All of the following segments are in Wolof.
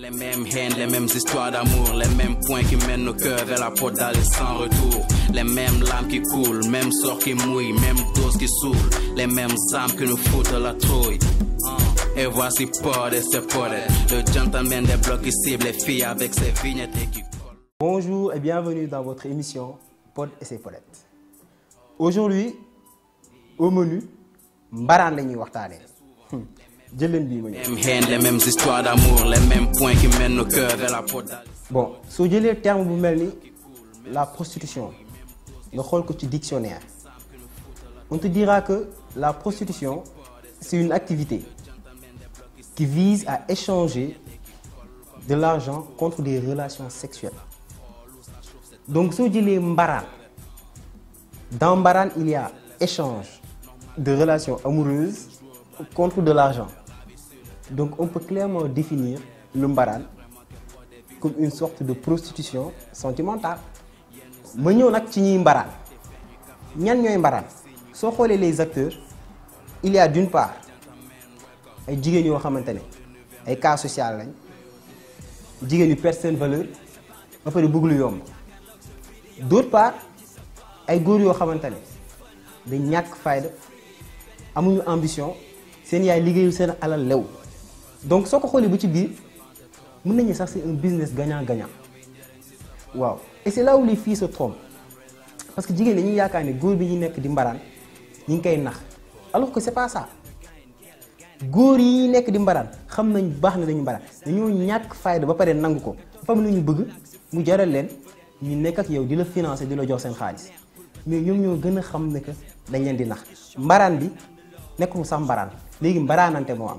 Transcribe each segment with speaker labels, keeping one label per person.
Speaker 1: Les mêmes haines, les mêmes histoires d'amour, les mêmes points qui mènent nos cœurs vers la porte d'aller sans retour. Les mêmes larmes qui coulent, même sort qui mouille, même dose qui saoule, les mêmes âmes que nous foutent la trouille. Et voici Paul et ses le gentleman des blocs qui cible les filles avec ses vignettes et qui Bonjour et bienvenue dans votre émission Paul et ses polettes. Aujourd'hui, au menu, Mbaran Lenny Wartane les mêmes histoires d'amour les mêmes points qui mènent la bon sous le terme bu melni la prostitution nga rôle que un dictionnaire on te dira que la prostitution c'est une activité qui vise à échanger de l'argent contre des relations sexuelles donc sous les Mbaran, dans Mbaran, il y a échange de relations amoureuses contre de l'argent donc on peut clairement définir le comme une sorte de prostitution sentimentale Mais nous avons ci ñuy Nous ñan un si on regarde les acteurs il y a d'une part ay jigéen qui sont ay cas social lañ jigéen yu perdre seen valeur ba pare de yom. d'autre part ay góor yoo de ne dañ ñàkk fayda amuñu ambition seen yaay liggéeyul seen alal lew donc soo ko xoolee ba ci biir mën nañu sax c'est un business gagnant-gagnant waaw et c'est là où les filles se trompent parce que jigéen dañuy yaakaar ne góor bi ñu nekk di mbaraan ñu ngi koy nax alors que c'est pas ça góor yi nekk di mbaraan xam nañ baax na dañu mbaraan dañoo ñàkk fayda ba pare nangu ko dafa am ñu bëgg mu jaral leen ñu nekk ak yow di la financer di la jox seen xaalis mais ñoom ñoo gën a xam ne que dañ leen di nax mbaraan bi nekkul sax mbaraan léegi mbaraanante moo am.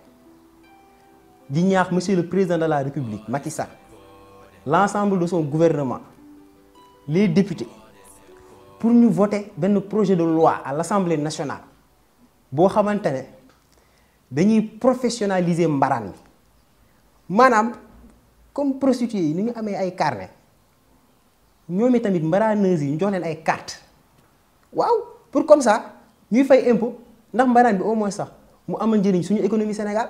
Speaker 1: di monsieur le président de la république Macky Sall l'ensemble de son gouvernement les députés pour nous voter un projet de loi à l'assemblée nationale Si dañuy professionnaliser mbaraan Madame, comme prostituée, nous ni ñu amee Nous carnet ñoom tamit ñu jox carte pour comme ça nous faisons impôt ndax mbaraan bi au moins ça. mu avons une économie Sénégal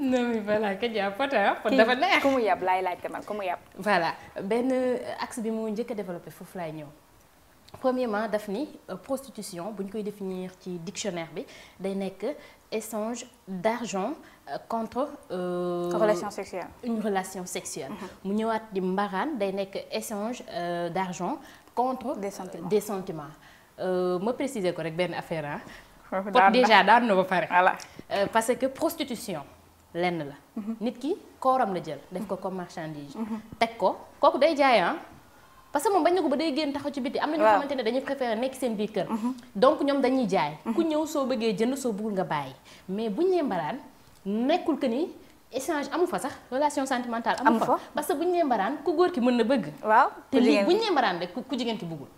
Speaker 2: non mais voilà ka jàpp pota pot dafa neex ku mu yab laay laajte man il y a. voilà Ben, axe bi mo njëkk développer fofu lay laay premièrement daf euh, prostitution buñ koy définir ci dictionnaire bi day nekk échange d'argent euh, contre. Euh, relation sexuelle. une relation sexuelle. Mhm. mu ñëwaat di mbaraan day nekk échange euh, d'argent contre. des sentiments des sentiments me préciser ko rek ben affaire hein? pot déjà daan na ba pare voilà euh, parce que prostitution lenn la mhm. nit ki kooram la jël def ko comme marchandise mhm. tek ko kooku day jaay hein parce que moom bañ na ba day génn taxaw ci biti amna ñu xamantene xamante dañuy préférer nek seen biir kër mhm. donc ñom dañuy jaay ku ñëw so bëggee jënd so bëggul nga bàyyi mais buñ né mbaraan nekul que ni échange amu fa sax relation sentimentale amu fa parce que buñ né mbaraan ku góor ki mëna bëgg waaw te lii buñ nee mbaraan rek ku jigéen ki bëggul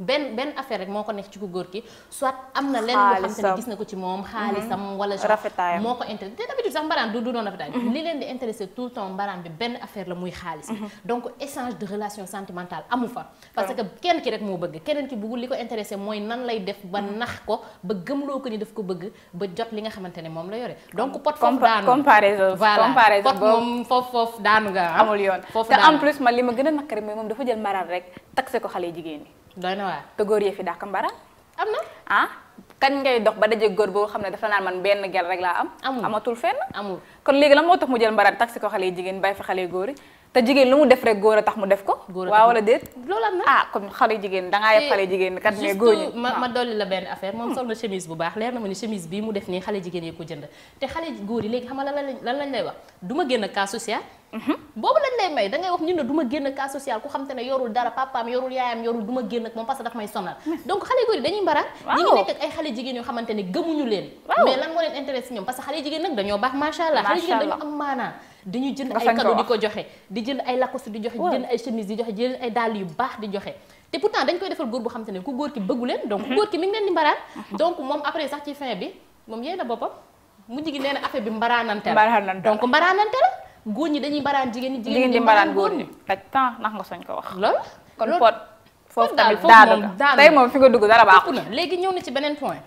Speaker 2: benn benn affaire rek moo ko nekk ci ko góor ki soit am na lenn loo xam na ko ci moom xaalisam mm-hmm. wala rafetaayam moo ko intéressé te d'habitude rafetaay mm-hmm. li leen di intéressé tout le temps mbaraan bi benn affaire la muy xaalis mm-hmm. donc échange de relation sentimentale amu fa parce que kenn ki rek moo ko intéressé mooy nan lay def ba nax ko ba gëmloo ko ni daf ko bëgg ba jot li nga xamante ne moom la yore donc pot foofu daanu comparaison voilà pot moom foofu nga ah. amul yoon te en plus man li ma gën a nakari mooy moom dafa jël mbaraan rek taxé ko xale jigéen ñi doy na waa te góor yee fi dàq mbara. am na ah kañ ngay dox ba daje góor boo xam ne dafa naan man benn gel rek laa am. amul amatul fenn. amul kon léegi la moo tax mu jël mbara taxi ko xale jigéen bàyyi fa xale góor yi te jigéen lu mu def rek góor a tax mu def ko. góor waaw wala déet. loolu am na ah kon xale jigéen da jigéen kat. mais góor ñi ma ma ah. dolli la benn affaire moom hmm. sol na chemise bu baax leer na ma ni chemise bii mu def nii xale jigéen yi ko jënd te xale góor yi léegi xam nga lan la lañ lay wax du ma génn cas social Mm-hmm. boobu lañ lay may da ngay wax ñu ne du ma génn cas social ku xam yorul dara papaam yorul yaayam yorul du génn ak moom parce que daf may sonal donc xale góor yi dañuy mbaral ñi ngi nekk ak ay xale jigéen yoo xamante gëmuñu leen mais lan moo leen intéressé ñoom parce que xale jigéen nag dañoo baax macha allah xale jigéen dañu am maanaa dañuy jënd ay cadeau di ko joxe di jënd ay lacoste di joxe di jënd ay chemise di joxe di jënd ay dàll yu góor ñi dañuy mbaraan jigéen ñi. jigéen ñi di mbaraan góor ñi taj temps ndax nga soñ ko wax. lool kon pot foofu tamit daanu la tey moom fi nga dugg dara baaxul. léegi ñëw na ci beneen point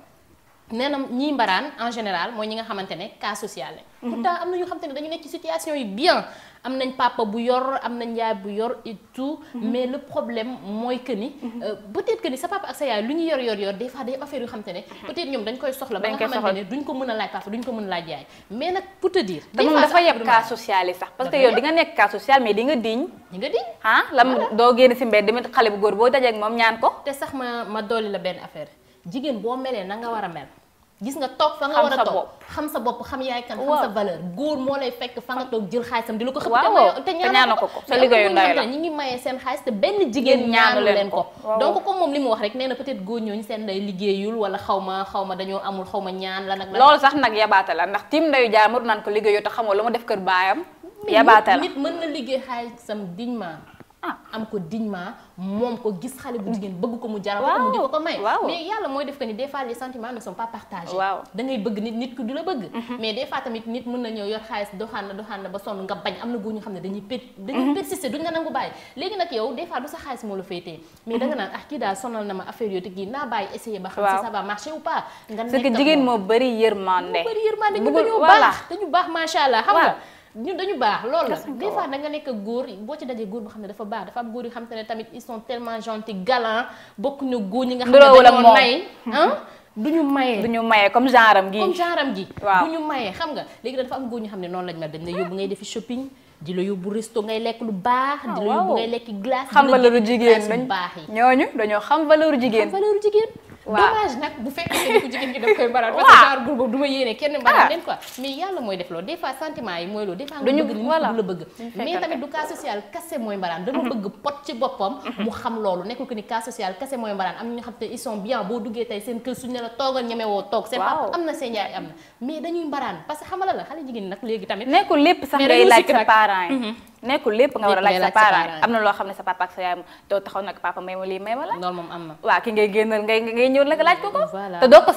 Speaker 2: nena ñi mbaran en général moy ñi nga xamantene cas social lañ mhm. pourtant am na ñu xamantene dañu nekk ci situation yu bien amnañ papa bu yor amnañ yaay bu yor et tout mhm. mais le problème moy que ni mhm. euh, peut-être que ni sa papa ak sa yaay lu ñu yor yor yor des fois day am affaire yu xamantene peut-être ñom dañ koy soxla ba nga xamantene duñ ko mëna laaj papa duñ ko mëna laaj yaay mais nak pour te dire moom dafa yeb cas social sax parce que yow di nga nekk cas social mais di nga diñ di nga diñ ha ah, lam do gene ci mbedd demit xalé bu gor bo dajé ak mom ñaan ko té sax ma ma doli la ben affaire jigéen boo melee na nga war a mel gis nga toog fa nga war a toog xam sa bopp xam yaay kan xam sa valeur góor moo lay fekk fa nga toog jël xaalisam di lu ko xëpp te ñaanu ko ko te liggéeyu ndaw la ñi ngi mayee seen xaalis te jigéen ñaanu leen ko donc comme moom li mu wax rek nee na peut-être góor ñooñu seen nday liggéeyul wala xaw ma xaw ma dañoo amul xaw ma ñaan la nag lool sax nag yabaate la ndax tim ndayu jaar mu naan ko liggéeyu te xamoo lu ma def kër baayam yabaate la nit mën na liggéey xaalisam dignement Ah, am ko dignement mom ko gis xale bu digene bëgg ko mu jaral ko mu di ko may mais yalla moy def ko ni des fois les sentiments ne sont pas partagés da ngay bëgg nit nit ko dula la bëgg mhm. mais des fois tamit nit mën na ñëw yor xaliss doxaan na doxaan na ba son nga bañ amna goñu xamne dañuy pet dañuy mhm. persister duñ nga nangu bay légui nak yow des fois du sa xaliss mo la féetee mais da nga mhm. nan ak ah, ki da sonal na ma affaire yo te gi na bay essayer ba xam ça va marcher ou pas nga nek parce que jigéen moo bëri yërmande bëri yërmande ñu bañu bax dañu baax macha allah xam nga ñun dañu baax loolu la des fois nga nekk góor boo ci dajee góor boo xam ne dafa baax dafa am góor yi xam te ne tamit ils sont tellement gentils galants bokk ñu góor ñi nga xam ne dañoo nay du ñu maye du ñu maye comme genre gi comme genre waaw ñu maye xam nga léegi dafa am góor ñi xam ne noonu lañ ma dañ la yóbbu ngay defi shopping di la yóbbu resto ngay lekk lu baax. Ah, di la yóbbu ngay lekk glace. xam valeur jigéen lañ baax yi ñooñu dañoo xam valeur jigéen. xam valeur jigéen. waaw nag bu fekkee ne ku jigéen gi daf koy mbaral. parce que genre groupe du ma yéene kenn ah. mais yàlla mooy def loolu des fois sentiment yi mooy loolu. des fois nga bëgg la bëgg. mais tamit du cas social kase mooy mbaral. dama mhm. bëgg pot ci boppam. Mhm. mu xam loolu nekk que ni cas social kase mooy mbaral am na xam te ils bien boo duggee tey seen kër suñu ne la toogal ñemewoo toog. seen papa am na seen yaay am na mais dañuy mbaral parce que xamala la xale jigéen nag léegi nekkul lépp nga war a laaj sa parent am na loo xam ne sa papa ak sa yaay doo taxaw nag papa may ma lii may ma la loolu moom am na waaw ki ngay génnal ngay ngay ñëw nag laaj ko ko te doo ko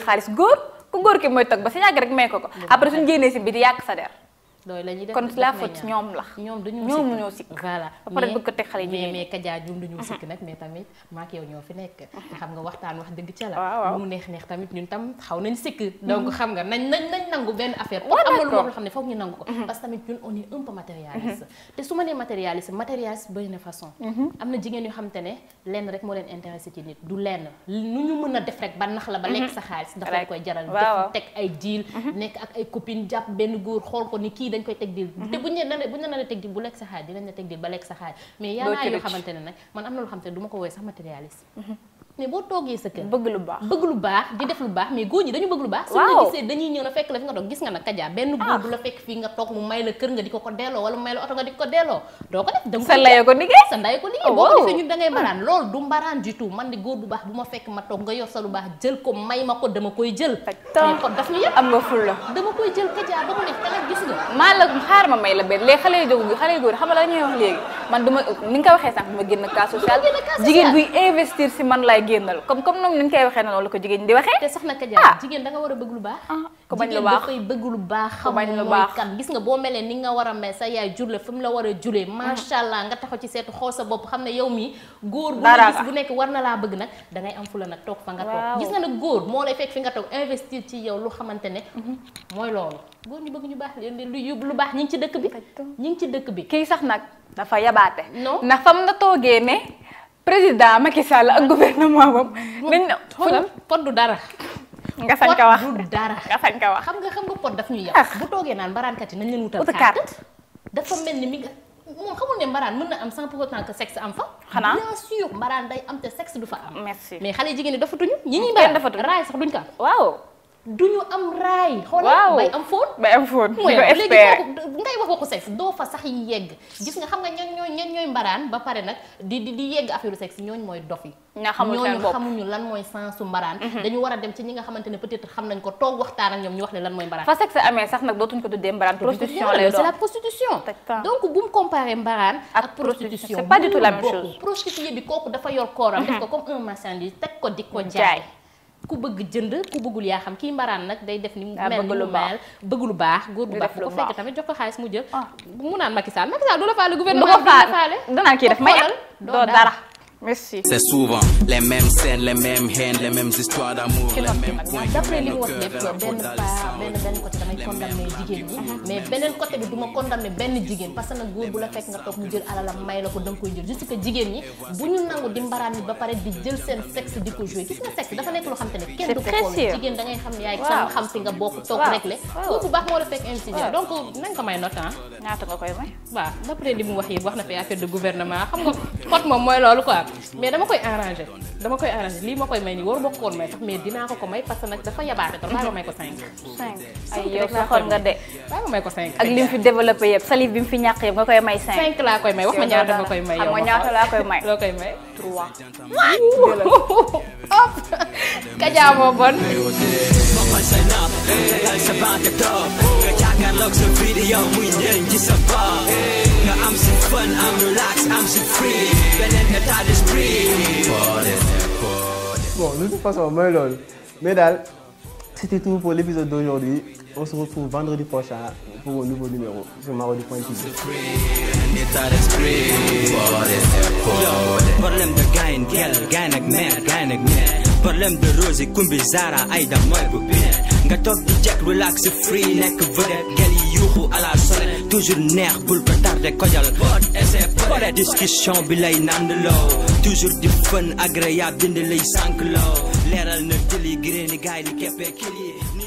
Speaker 2: xaalis góor ku góor ki mooy toog ba si yàgg rek may ko ko après suñu génnee si bi di yàq sa der loolu la ñuy def kon la faute ñoom la ñoom dañu ñoom ñoo sikk voilà ba mhm. bëgg mhm. mhm. te mais duñu mais tamit maak yow ñoo fi nekk xam nga waxtaan wax dëgg ca la mu neex neex tamit ñun tam xaw nañ sikk donc xam nga nañ nañ nañ nangu benn affaire pour am lu loo xam ne ñu nangu ko parce tamit ñun on est un peu matérialiste te su ma matérialiste matérialiste bëri na façon am na jigéen xam te ne rek moo leen intéressé ci nit du nu ñu def rek ba nax la ba sa dafa koy jaral def ay deal ak ay copine ko ni dañ koy teg dil mhm. te buñ ne buñ ne na la teg dil bu lekk sa xaaj dinañ la teg dil ba lekk sa mais yàlla xamante ne nag man am na loo xamante ne du ko woowee sax matérialiste mhm. mais boo toogee sa kër bëgg lu baax bëgg lu baax di def lu baax mais góor ñi dañu bëgg lu baax suñu la gisee dañuy ñëw na fekk la fi nga toog gis nga nag Kaja benn góor ah. la fekk fii nga toog mu may la kër nga di ko ko delloo wala mu may la oto nga di ko delloo doo ko def danga sa ndey ko liggéey sa ndey ko liggéey oh, boo ko defee ñu da ngay mbaraan loolu du mbaraan du tout man di góor bu baax bu ma fekk ma toog nga yor sa lu baax jël ko may ma ko dama koy jël ko daf ñu yëpp am nga ful la dama koy jël Kaja ba mu nekk kala gis nga maa la xaar ma may la benn léegi xale yu jóg xale yu xam la ñuy wax léegi man duma ni nga ko waxee sànq duma génn cas social jigéen buy investir si man lay waay génnal comme comme noonu ñu koy waxee noonu la ko jigéen di waxee. te soxna Kaja ah! jigéen da war a bëgg lu baax. Ah, jigéen dafay bëgg lu baax. ku bañ a mel sa yaay la fi mu la war a julee. Mm. macha allah nga taxaw ci seetu la gis bu nekk war na laa bëgg nag da ngay ci yow lu xamante ne mm-hmm. mooy loolu góor ñu bëgg ñu baax lu lu baax ñu ngi dafa yabaate non ndax na toogee ne président Macky Sall ak gouvernement bam dañ ne pot du dara. nga sañ ka wax pot du dara nga sañ ka wax. xam nga xam nga pot daf ñuy yàq. Ah. bu toogee naan mbaraankat yi nañ leen wutal carte dafa mel ni mi nga moom xamul ne mbaraan mën na am sans pour autant que sexe am fa. xanaa bien sûr mbaraan day am te sexe du fa am. mais xale jigéen ñi dafatuñu ñi ñuy mbaraan dafatuñu raay sax duñ ko waaw. du ñu am raay. xoolal bay am fóot. bay am fóot ñu ko ngay wax waxu sexe doo fa sax yi yegg gis nga xam nga ñan ñooy ñan ñooy mbaraan ba pare nag di di yegg affaire sexe ñooñu mooy dof yi. ñoo xamul seen bopp xamuñu lan mooy sensu mbaraan. Mhm. dañu war a dem ci ñi nga xamante ne peut-être xam nañ ko toog waxtaan ak ñoom ñu wax leen lan mooy mbaraan. fa sexe amee sax nag dootuñu ko tuddee mbaraan. prostitution la prostitution. donc bu mu mbaraan. ak prostitution c'est pas bi kooku dafa yor kooram. def ko mhm. comme un marchandise teg ko di ko jaay ku bëgg jënd ku bëggul yaa xam kii mbaraan nag day def ni ah, mel ni mu mel bëgg lu baax góor bu baax bu ko fekk tamit jox ko xaalis mu jël ah. mu naan Macky Sall Macky Sall du la faale gouvernement bi du la faale danaan kii def may doo dara merci. c'est souvent
Speaker 1: les mêmes scènes les mêmes haines les mêmes histoires d'amour. les mêmes points d'après li mu wax yëpp Ben,
Speaker 2: ben, côté condamné mais beneen côté bi du condamné ben jigen. parce que nag góor bu la fek nga toog mu jël alalam may la ko da nga koy jël juste que jigen ni, buñu nangu di mbaraan ni ba paré di jël sen sexe di ko joué gis nga sexe dafa nek loo xam te ne kenn du ko xool jigéen da ngay xam yaay kan xam fi nga bokk toog rek le bu baax mo la fek invité donc nañ ko may notan ah. ñaata nga koy may ba d'après li mu wax yi wax na fi affaire de gouvernement xam nga xot mom moy lolu quoi mais dama koy arrangé dama koy arrangé lii ma koy may nii waru ma ko may sax mais dinaa ko ko may parce nag dafa yabaate trop bàyyi may ko 5. 5 ay yow saxoon nga de. bàyyi may ko 5 ak li mu fi développé yëpp salive bi mu fi ñàkk yëpp nga koy may 5. laa koy may wax ma ñaata nga koy may yow bon.
Speaker 1: Bon, nous passons au Médal, c'était tout pour l'épisode d'aujourd'hui. On se retrouve vendredi prochain pour un nouveau numéro sur Problème de gain, gel, gain de rose, toujours nerf, discussion toujours du fun agréable dindi lay L'air ne tili, gagne